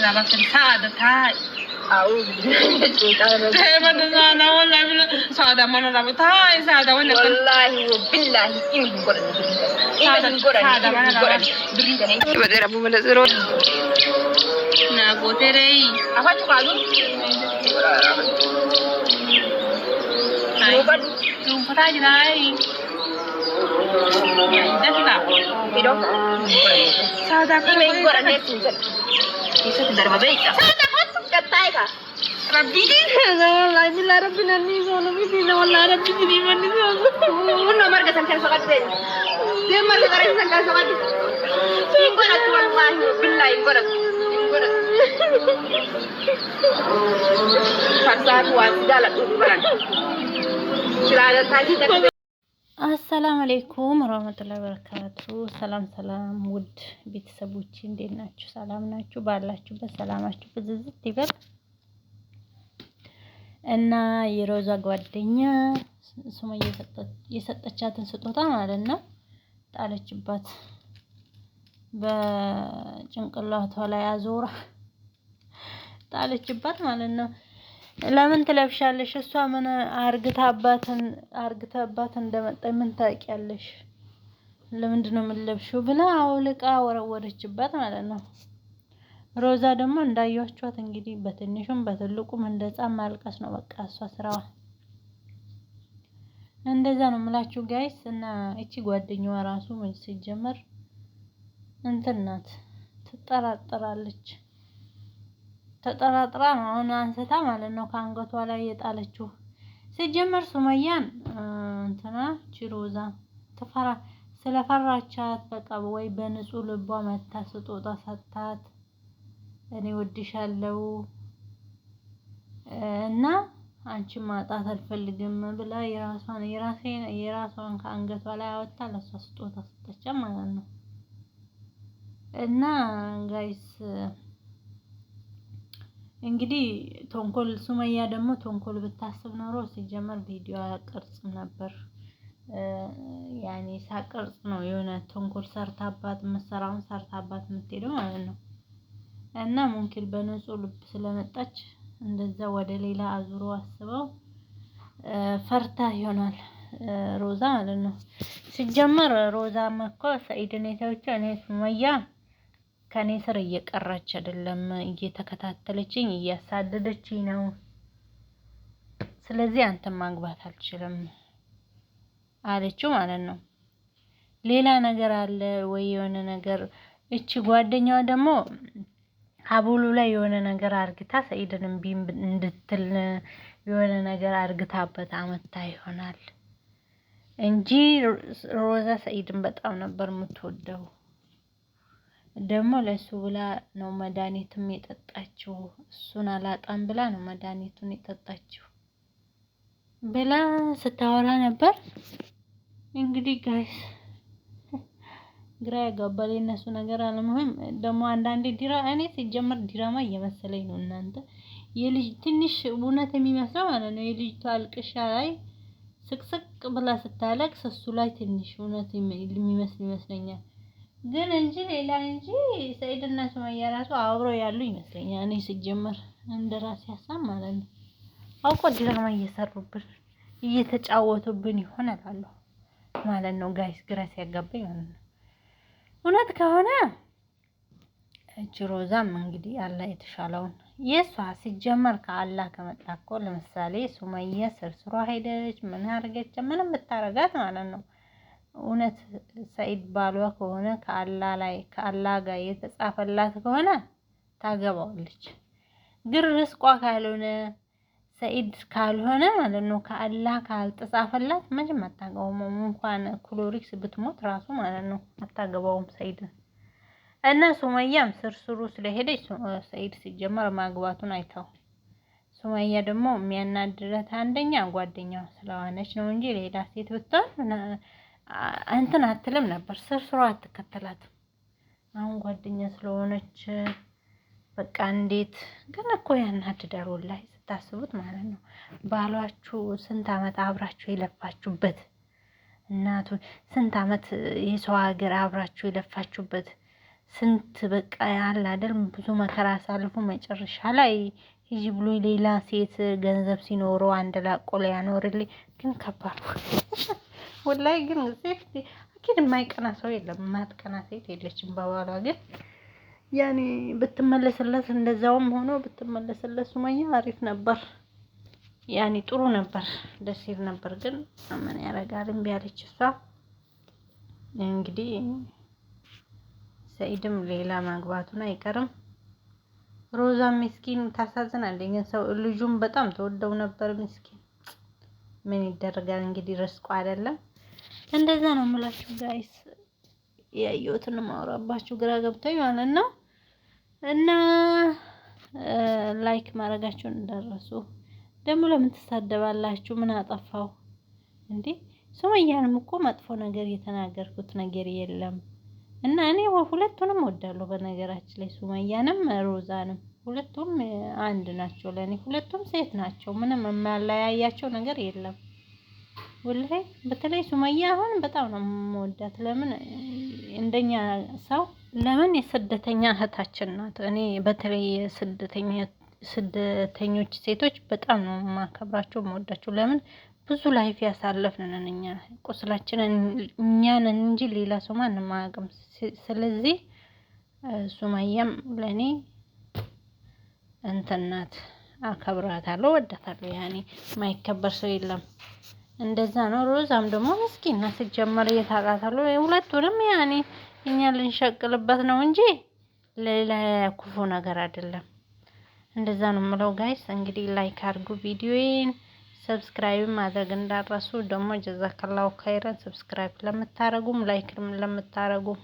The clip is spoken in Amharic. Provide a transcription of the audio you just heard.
انا ما كنت ساعدت هاي اعوذ بالله انا والله بالله ساعدة ما انا ربط هاي ساعدة ولا والله وبالله ايه قرن ساعدة ما انا ربط بدر ابو ملزرو na gotere apa tu kalau Hãy subscribe cho kênh Ghiền Mì Gõ Để không bỏ lỡ những video hấp dẫn Isa, kundarma beita. Sana hotu kataiga. Rabbi, na wala ni la rabbi na ni so no bibi na wala rabbi ni ma ni so. Mun na marga san kan sokat ben. Dia marga kare san kan sokat. Singko na tuan wahi billahi gora. Gora. Pasar wan dalat ubaran. አሰላም አሌይኩም ረህመቱላሂ በረካቱ። ሰላም ሰላም፣ ውድ ቤተሰቦች እንዴት ናችሁ? ሰላም ናችሁ? ባላችሁበት ሰላማችሁ ብዝዝት ይበል እና የሮዛ ጓደኛ ሱመያ የሰጠቻትን ስጦታ ማለት ነው ጣለችባት። በጭንቅላቷ ላይ አዞራ ጣለችባት ማለት ነው። ለምን ትለብሻለሽ? እሷ ምን አርግታባትን አርግታባት እንደመጣ ምን ታውቂያለሽ? ለምንድን ነው የምንለብሽው ብላ አውልቃ ወረወረችባት ማለት ነው። ሮዛ ደግሞ እንዳያችኋት እንግዲህ በትንሹም በትልቁም እንደ ማልቀስ ነው በቃ እሷ ስራዋ እንደዛ ነው የምላችሁ ጋይስ። እና እቺ ጓደኛዋ ራሱ ሲጀመር እንትን ናት፣ ትጠራጠራለች። ተጠራጥራ ነው አንስታ ማለት ነው ከአንገቷ ላይ የጣለችው። ሲጀመር ሱመያን እንትና ቺሮዛ ተፈራ ስለፈራቻት በቃ ወይ በንጹህ ልቧ መታ ስጦታ ሰጣት። እኔ ወድሻለሁ እና አንቺ ማጣት አልፈልግም ብላ የራሷን የራሴን የራሷን ከአንገቷ ላይ አወጣ ለሷ ስጦታ ሰጠቻት ማለት ነው እና ጋይስ እንግዲህ ተንኮል ሱመያ ደግሞ ተንኮል ብታስብ ኖሮ ሲጀመር ቪዲዮ አቀርጽም ነበር። ያኔ ሳቀርጽ ነው የሆነ ተንኮል ሰርታባት መሰራውን ሰርታባት የምትሄደው ማለት ነው። እና ሙንኪል በንጹህ ልብ ስለመጣች እንደዛ ወደ ሌላ አዙሮ አስበው ፈርታ ይሆናል ሮዛ ማለት ነው። ሲጀመር ሮዛ እኮ ሰኢድን የተወችው እኔ ሱመያ ከኔ ስር እየቀረች አይደለም፣ እየተከታተለችኝ እያሳደደችኝ ነው። ስለዚህ አንተን ማግባት አልችልም አለችው ማለት ነው። ሌላ ነገር አለ ወይ የሆነ ነገር? እቺ ጓደኛዋ ደግሞ ሀብሉ ላይ የሆነ ነገር አርግታ ሰኢድን እምቢ እንድትል የሆነ ነገር አርግታበት አመታ ይሆናል እንጂ ሮዛ ሰኢድን በጣም ነበር የምትወደው። ደግሞ ለእሱ ብላ ነው መድኃኒትም የጠጣችው። እሱን አላጣም ብላ ነው መድኃኒቱን የጠጣችው ብላ ስታወራ ነበር። እንግዲህ ጋይስ ግራ ያጋባል የነሱ ነገር። አለመሆን ደግሞ አንዳንዴ ዲራ እኔ ሲጀመር ዲራማ እየመሰለኝ ነው እናንተ የልጅ ትንሽ እውነት የሚመስለው ማለት ነው። የልጅቱ አልቅሻ ላይ ስቅስቅ ብላ ስታለቅስ እሱ ላይ ትንሽ እውነት የሚመስል ይመስለኛል። ግን እንጂ ሌላ እንጂ ሰይድና ሱመያ ራሱ አብረው ያሉ ይመስለኛል። እኔ ስጀምር እንደራሴ ሀሳብ ማለት ነው። አውቆ ድራማ እየሰሩብን እየተጫወቱብን ይሆን አላሉ ማለት ነው። ጋይስ ግራ ሲያጋባኝ ማለት ነው። እውነት ከሆነ እች ሮዛም እንግዲህ አላህ የተሻለውን የእሷ ሲጀመር ከአላህ ከመጣ እኮ ለምሳሌ ሱመያ ስርስሯ ሄደች ምን አርገች ምንም ብታረጋት ማለት ነው እውነት ሰኢድ ባሏ ከሆነ ከአላ ላይ ከአላ ጋር የተጻፈላት ከሆነ ታገባዋለች። ግን ርስቋ ካልሆነ ሰኢድ ካልሆነ ማለት ነው ከአላ ካልተጻፈላት መቼም አታገባውም። እንኳን ክሎሪክስ ብትሞት ራሱ ማለት ነው አታገባውም ሰኢድን እና ሱመያም ስርስሩ ስለሄደች ሰኢድ ሲጀመር ማግባቱን አይተው ሱመያ ደግሞ የሚያናድረት አንደኛ ጓደኛ ስለሆነች ነው እንጂ ሌላ ሴት ብትሆን እንትን አትልም ነበር፣ ስርስሮ አትከተላትም። አሁን ጓደኛ ስለሆነች በቃ እንዴት ግን እኮ ያናድዳል ወላሂ ስታስቡት ማለት ነው። ባሏችሁ ስንት አመት አብራችሁ የለፋችሁበት እናቱ ስንት አመት የሰው ሀገር አብራችሁ የለፋችሁበት ስንት በቃ ያለ አይደል ብዙ መከራ አሳልፎ መጨረሻ ላይ ሂጂ ብሎ ሌላ ሴት ገንዘብ ሲኖረው አንድ ላቆ ያኖርልኝ ግን ከባድ ወላሂ ግን ሴት አኪድ የማይቀና ሰው የለም። የማትቀና ሴት የለችም። በባሏ ግን ያኔ ብትመለስለት እንደዛውም ሆኖ ብትመለስለት ሱመያ አሪፍ ነበር፣ ያኔ ጥሩ ነበር፣ ደስ ይል ነበር። ግን ምን ያረጋል እምቢ አለች እሷ። እንግዲህ ሰኢድም ሌላ ማግባቱን አይቀርም። ሮዛ ምስኪን ታሳዝናለች። ግን ሰው ልጁም በጣም ተወደው ነበር ምስኪን። ምን ይደረጋል እንግዲህ ርስቆ አይደለም። እንደዛ ነው የምላችሁ ጋይስ። ያየሁትን ማውራባችሁ ግራ ገብቶኝ ማለት ነው። እና ላይክ ማድረጋችሁን እንዳረሱ ደግሞ ለምን ትሳደባላችሁ? ምን አጠፋው እንዴ? ሱመያንም እኮ መጥፎ ነገር የተናገርኩት ነገር የለም። እና እኔ ሁለቱንም ወዳለሁ። በነገራችን ላይ ሱመያንም ሮዛንም ሁለቱም አንድ ናቸው ለእኔ፣ ሁለቱም ሴት ናቸው። ምንም የማለያያቸው ነገር የለም። ወላሂ በተለይ ሱመያ አሁን በጣም ነው የምወዳት። ለምን እንደኛ ሰው ለምን የስደተኛ እህታችን ናት። እኔ በተለይ የስደተኛ ስደተኞች ሴቶች በጣም ነው የማከብራቸው የምወዳቸው። ለምን ብዙ ላይፍ ያሳለፍንን እኛ ቁስላችንን እኛን እንጂ ሌላ ሰው ማን አያውቅም። ስለዚህ ሱመያም ለእኔ እንትን ናት፣ አከብራታለሁ፣ ወዳታለሁ። ያኔ ማይከበር ሰው የለም። እንደዛ ነው። ሮዛም ደግሞ ምስኪና ስትጀመር እየታጣታሉ ሁለቱንም ያኔ እኛ ልንሸቅልበት ነው እንጂ ለሌላ ክፉ ነገር አይደለም። እንደዛ ነው የምለው። ጋይስ እንግዲህ ላይክ አድርጉ ቪዲዮዬን፣ ሰብስክራይብ ማድረግ እንዳረሱ ደግሞ ጀዛከላሁ ከይረን ሰብስክራይብ ለምታረጉም ላይክ ለምታረጉም